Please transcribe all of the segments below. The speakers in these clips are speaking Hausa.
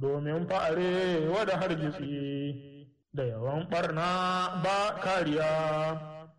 domin fa'are wada hargitsi da yawan ɓarna ba kariya.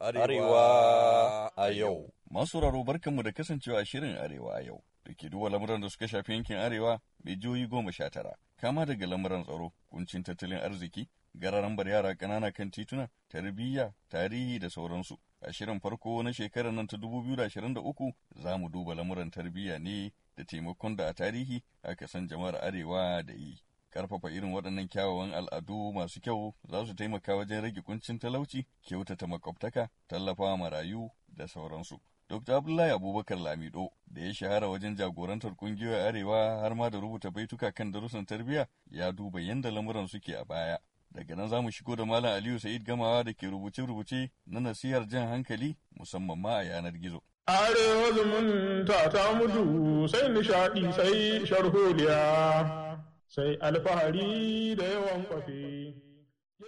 Arewa a yau Masu raro barkanmu da kasancewa shirin Arewa a yau da ke duba lamuran da suka shafi yankin Arewa mai juyi goma sha tara, kama daga lamuran tsaro, kuncin tattalin arziki, bar yara ƙanana kan tituna, tarbiyya, tarihi da sauransu. A shirin farko na shekarar nan ta 2023 za mu duba lamuran tarbiyya ne da taimakon da a tarihi aka san jama'ar arewa da yi. Karfafa irin waɗannan kyawawan al'adu masu kyau za su taimaka wajen rage kuncin talauci, kyautata makwabtaka, tallafawa marayu da sauransu. Dr. Abdullahi Abubakar Lamido da ya shahara wajen jagorantar kungiyoyin Arewa har ma da rubuta baituka kan darussan tarbiyya ya duba yadda lamuran suke a baya. Daga nan za mu shigo da Malam Aliyu Sa'id Gamawa da ke rubuce-rubuce na nasihar jan hankali musamman ma a yanar gizo. Arewa zumunta ta mutu sai nishaɗi sai sharholiya sai alfahari da yawan kwafi.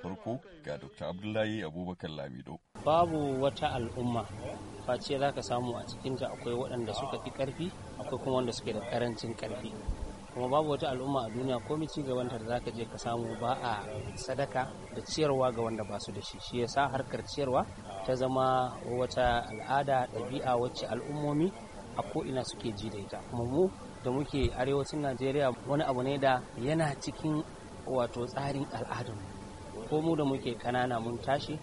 Farko ga Dr. Abdullahi Abubakar Lamido. Babu wata al'umma face za ka samu a cikinta akwai waɗanda suka fi ƙarfi akwai kuma wanda suke da ƙarancin ƙarfi. kuma babu wata al'umma a duniya komai ci gaban da zaka je ka samu ba a sadaka da ciyarwa ga wanda basu da shi shi yasa harkar ciyarwa ta zama wata al'ada ɗabi'a wacce al'ummomi a ko'ina suke ji da ita kuma mu da muke arewacin najeriya wani abu ne da yana cikin wato tsarin al'adun ko mu da muke kanana mun tashi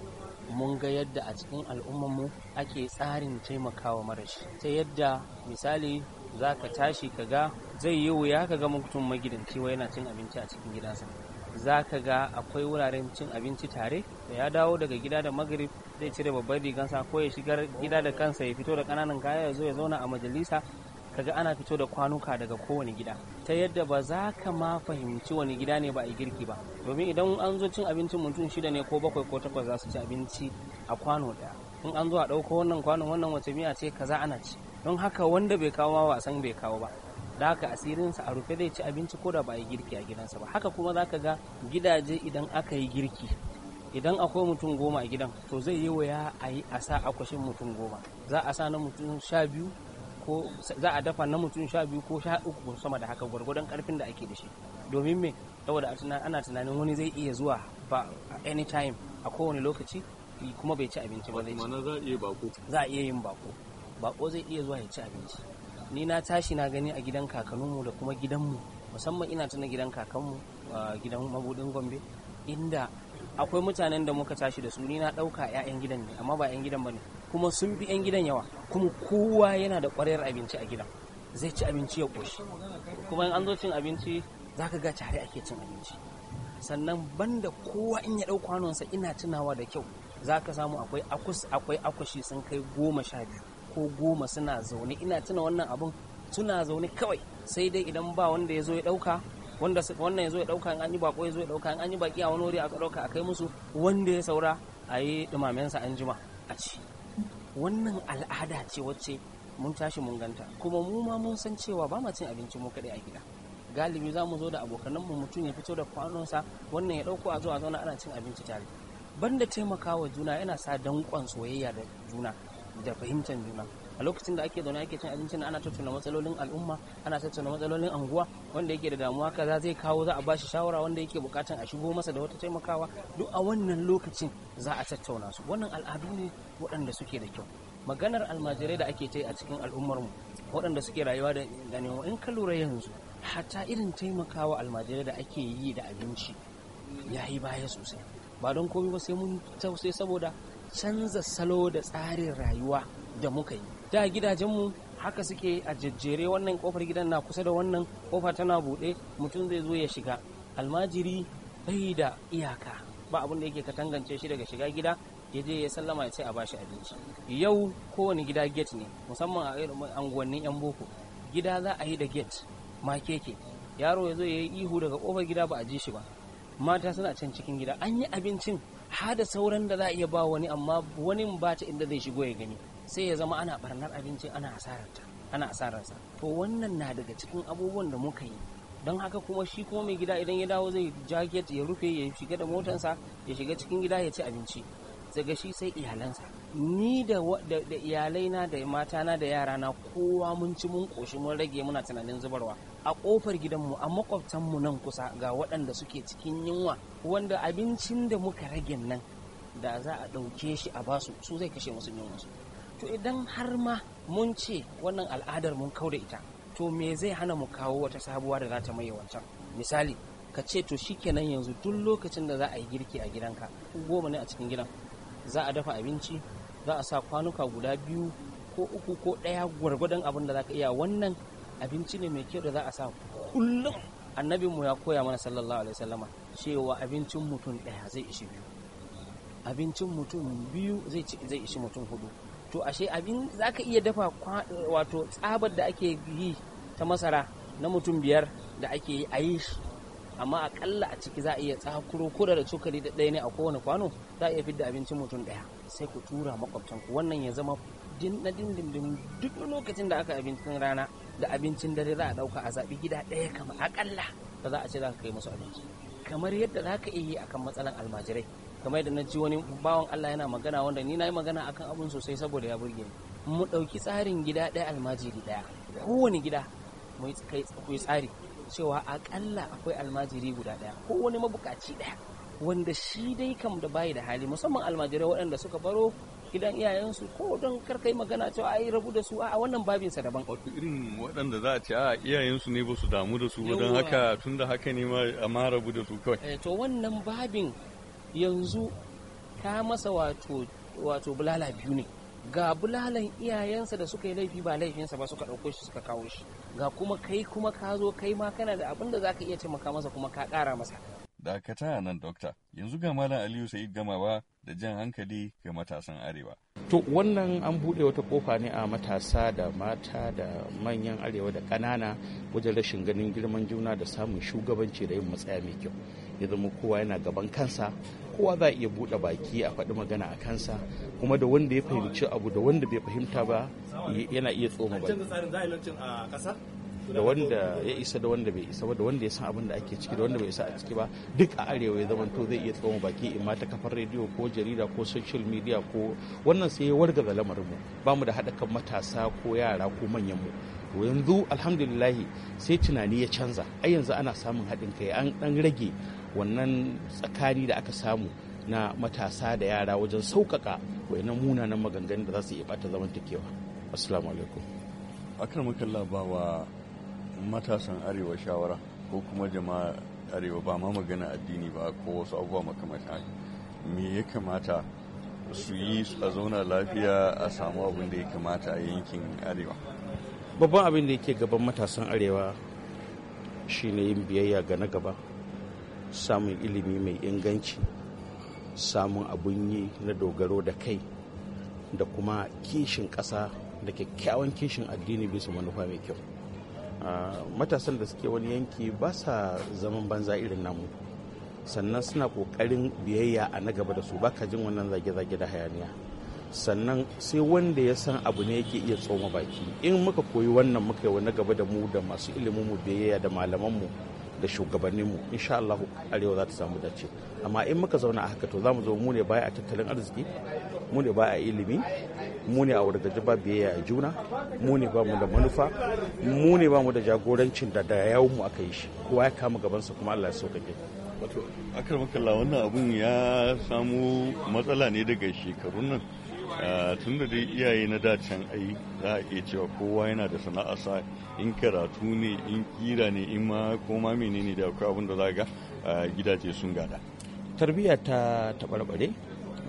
mun ga yadda a cikin mu ake tsarin taimakawa marashi ta yadda misali za ka tashi ka ga zai yi wuya ka ga mutum magidanci wai yana cin abinci a cikin gidansa za ka ga akwai wuraren cin abinci tare da ya dawo daga gida da magrib zai cire babbar rigansa ko ya shigar gida da kansa ya fito da kananan kaya ya zo ya zauna a majalisa kaga ana fito da kwanuka daga kowane gida ta yadda ba za ka ma fahimci wani gida ne ba a girki ba domin idan an zo cin abincin mutum shida ne ko bakwai ko takwas za su ci abinci a kwano daya in an zo a ɗauko wannan kwanon wannan wace miya ce kaza ana ci don haka wanda bai kawo wasan bai kawo ba da haka asirinsa a rufe zai ci abinci ko da ba yi girki a gidansa ba haka kuma zaka ga gidaje idan aka yi girki idan akwai mutum goma a gidan to zai yi waya a yi a sa akwashin mutum goma za a sa na mutum sha biyu ko za a dafa na mutum sha biyu ko sha uku sama da haka gwargwadon karfin da ake da shi domin me saboda ana tunanin wani zai iya zuwa ba anytime a kowane lokaci kuma bai ci abinci ba zai ci za a iya yin bako bako zai iya zuwa ya ci abinci ni na tashi na gani a gidan kakanninmu da kuma gidanmu musamman ina tuna gidan kakanmu gidan mabudin gombe inda akwai mutanen da muka tashi da su ni na ɗauka 'ya'yan gidan ne amma ba 'yan gidan ba ne kuma sun bi 'yan gidan yawa kuma kowa yana da ƙwarayar abinci a gidan zai ci abinci ya ƙoshi kuma in an zo cin abinci za ka ga tare ake cin abinci sannan banda kowa in ya ɗau kwanonsa ina tunawa da kyau za ka samu akwai akwai akwashi sun kai goma sha biyu ko goma suna zaune ina tuna wannan abun suna zaune kawai sai dai idan ba wanda ya zo ya dauka wanda wannan ya zo ya dauka an yi bako ya zo ya dauka an yi baki a wani wuri aka dauka a kai musu wanda ya saura a yi dumamensa an jima a ci wannan al'ada ce wacce mun tashi mun ganta kuma mu ma mun san cewa ba ma cin abinci mu kaɗai a gida galibi za mu zo da abokanan mu mutum ya fito da kwanonsa wannan ya dauko a zo a zauna ana cin abinci tare banda taimakawa juna yana sa dankon soyayya da juna da fahimtar juna a lokacin da ake zaune ake cin abincin ana tattauna matsalolin al'umma ana tattauna matsalolin anguwa wanda yake da damuwa kaza zai kawo za a bashi shawara wanda yake bukatan a shigo masa da wata taimakawa duk a wannan lokacin za a tattauna su wannan al'adu ne waɗanda suke da kyau maganar almajirai da ake tai a cikin al'ummarmu waɗanda suke rayuwa da ganewa in ka lura yanzu hatta irin taimakawa almajirai da ake yi da abinci ya yi baya sosai ba don komai ba sai mun tausai saboda canza salo da tsarin rayuwa da muka yi da gidajenmu haka suke a jejjere wannan kofar gidan na kusa da wannan kofa tana buɗe mutum zai zo ya shiga almajiri bai da iyaka ba abin da yake katangance shi daga shiga gida ya je ya sallama ya ce a bashi abinci yau kowane gida gate ne musamman a anguwannin yan boko gida za a yi da gate ma keke yaro ya zo ya yi ihu daga kofar gida ba a ji shi ba mata suna can cikin gida an yi abincin hada sauran da za a iya ba wani amma wani ba ta inda zai shigo ya gani sai ya zama ana barnar abinci ana asararta ana asararsa to wannan na daga cikin abubuwan da muka yi don haka kuma shi kuma mai gida idan ya dawo zai jaket ya rufe ya shiga da motansa ya shiga cikin gida ya ci abinci daga shi sai iyalansa ni da iyalaina da matana da yarana kowa mun ci mun koshi mun rage muna tunanin zubarwa a kofar gidanmu a makwabtanmu nan kusa ga waɗanda suke cikin yunwa wanda abincin da muka rage nan da za a ɗauke shi a basu su zai kashe musu yunwa su to idan har ma mun ce wannan al'adar mun kau da ita to me zai hana mu kawo wata sabuwa da za ta maye wancan misali ka ce to shikenan yanzu duk lokacin da za a yi girki a gidanka goma ne a cikin gidan za a dafa abinci za a sa kwanuka guda biyu ko uku ko ɗaya gwargwadon abin da za ka iya wannan abinci ne mai kyau da za a sa kullum annabinmu ya koya mana sallallahu alaihi wasallama cewa abincin mutum ɗaya zai ishi biyu abincin mutum biyu zai zai ishi mutum hudu to ashe abin za ka iya dafa wato tsabar da ake yi ta masara na mutum biyar da ake yi a yi shi amma akalla a ciki za a iya tsakuro ko da cokali da ɗaya ne a kowane kwano za a iya fidda abincin mutum ɗaya sai ku tura makwabtanku wannan ya zama na dindindin duk lokacin da aka abincin rana da abincin dare za a dauka a zaɓi gida ɗaya kama akalla da za a ce za ka kai musu abinci kamar yadda za ka iya yi akan matsalan almajirai kamar yadda na ci wani bawan Allah yana magana wanda ni na yi magana akan abun sosai saboda ya burge ni mu ɗauki tsarin gida ɗaya almajiri ɗaya kowane gida mu yi tsari cewa akalla akwai almajiri guda ɗaya ko wani mabukaci ɗaya wanda shi dai kam da bayi da hali musamman almajirai waɗanda suka baro gidan iyayensu ko don kar yi magana cewa yi rabu da su a wannan babin sa daban wato irin waɗanda za a ce a iyayensu ne ba su damu da su ba don haka tun da haka ne ma rabu da su kawai eh, to wannan babin yanzu ta masa wato bulala biyu ne ga bulalan iyayensa da suka yi laifi ba laifinsa ba suka ɗauko shi suka kawo shi ga kuma kai kuma ka zo kai ma kana da abin da za ka iya taimaka masa kuma ka ƙara masa dakata nan dokta yanzu ga malam aliyu sa'id ba. da jan hankali ga matasan arewa. To wannan an buɗe wata kofa ne a matasa da mata da manyan arewa da ƙanana wajen rashin ganin girman juna da samun shugabanci da yin matsaya mai kyau. Ya zama kowa yana gaban kansa, kowa za a iya buɗe baki a faɗi magana a kansa, kuma da wanda ya fahimci abu da wanda bai fahimta ba yana iya tsoma ba. da wanda ya isa da wanda bai isa ba da wanda ya san abin da ake ciki da wanda bai isa a ciki ba duk a arewa ya zamanto zai iya tsoma baki in ma ta kafar rediyo ko jarida ko social media ko wannan sai ya warga lamarin mu ba mu da haɗa kan matasa ko yara ko manyan mu to yanzu alhamdulillahi sai tunani ya canza ai yanzu ana samun haɗin kai an ɗan rage wannan tsakani da aka samu na matasa da yara wajen sauƙaƙa wayannan munanan maganganun da za su iya ɓata zamantakewa assalamu alaikum akan mukan labawa matasan arewa shawara ko kuma jama'a arewa ba ma magana addini ba ko wasu abubuwa makamantan me ya kamata su yi a zauna lafiya a samu abin da ya kamata a yankin arewa babban abin da yake gaban matasan arewa shine yin biyayya ga na gaba samun ilimi mai inganci samun abun yi na dogaro da kai da kuma kishin ƙasa da kyakkyawan kishin addini bisa manufa mai kyau matasan da suke wani yanki ba sa zaman banza irin namu sannan suna kokarin biyayya a na gaba da su baka jin wannan zage-zage da hayaniya sannan sai wanda ya san abu ne yake iya tsoma baki in muka koyi wannan muka yi wani gaba da mu da masu ilimin mu biyayya da malaman mu da shugabanninmu sha Allah arewa za ta samu dace amma in muka zauna a haka to za mu zo mu ne baya a tattalin arziki mu ne baya a ilimi mu ne a wadataje ba biyayya a juna mu ne ba mu da manufa mu ne ba mu da jagorancin da da yawon mu aka yi shi kowa ya kama gabansa kuma Allah ya sauƙaƙe wato akar wannan abun ya samu matsala ne daga shekarun nan Eh, tun da dai iyaye na dacen ai za a iya cewa kowa yana da sana'arsa in karatu ne in kira ne in ma koma menene da akwai abin da za ga eh, gidaje sun gada tarbiyya ta taɓarɓare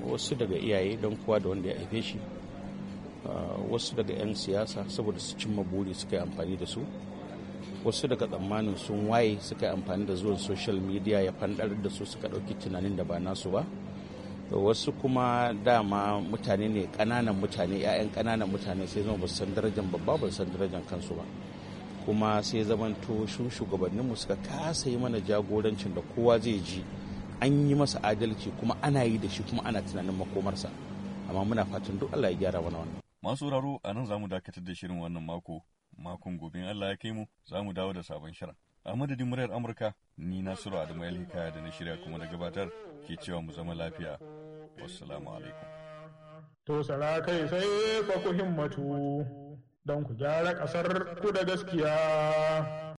wasu daga iyaye don kowa da wanda ya haife shi eh, wasu daga 'yan siyasa saboda su cimma buri suka yi amfani da su wasu daga tsammanin sun waye suka yi amfani da zuwan social media ya fandar da su suka ɗauki tunanin da ba nasu ba wasu kuma dama mutane ne kananan mutane 'ya'yan kananan mutane sai zama basu san darajar babba ba san darajar kansu ba kuma sai zamanto shun mu suka kasa yi mana jagorancin da kowa zai ji an yi masa adalci kuma ana yi da shi kuma ana tunanin makomarsa amma muna fatan duk Allah ya gyara mana wannan masu raro a nan za mu dakatar da shirin wannan mako makon gobe Allah ya kai mu za mu dawo da sabon shirin a madadin muryar Amurka ni Nasiru Adamu Hikaya da na shirya kuma da gabatar ke cewa mu zama lafiya Wassalamu alaikum. To sarakai kai sai fa ku himmatu don ku gyara ƙasar ku da gaskiya.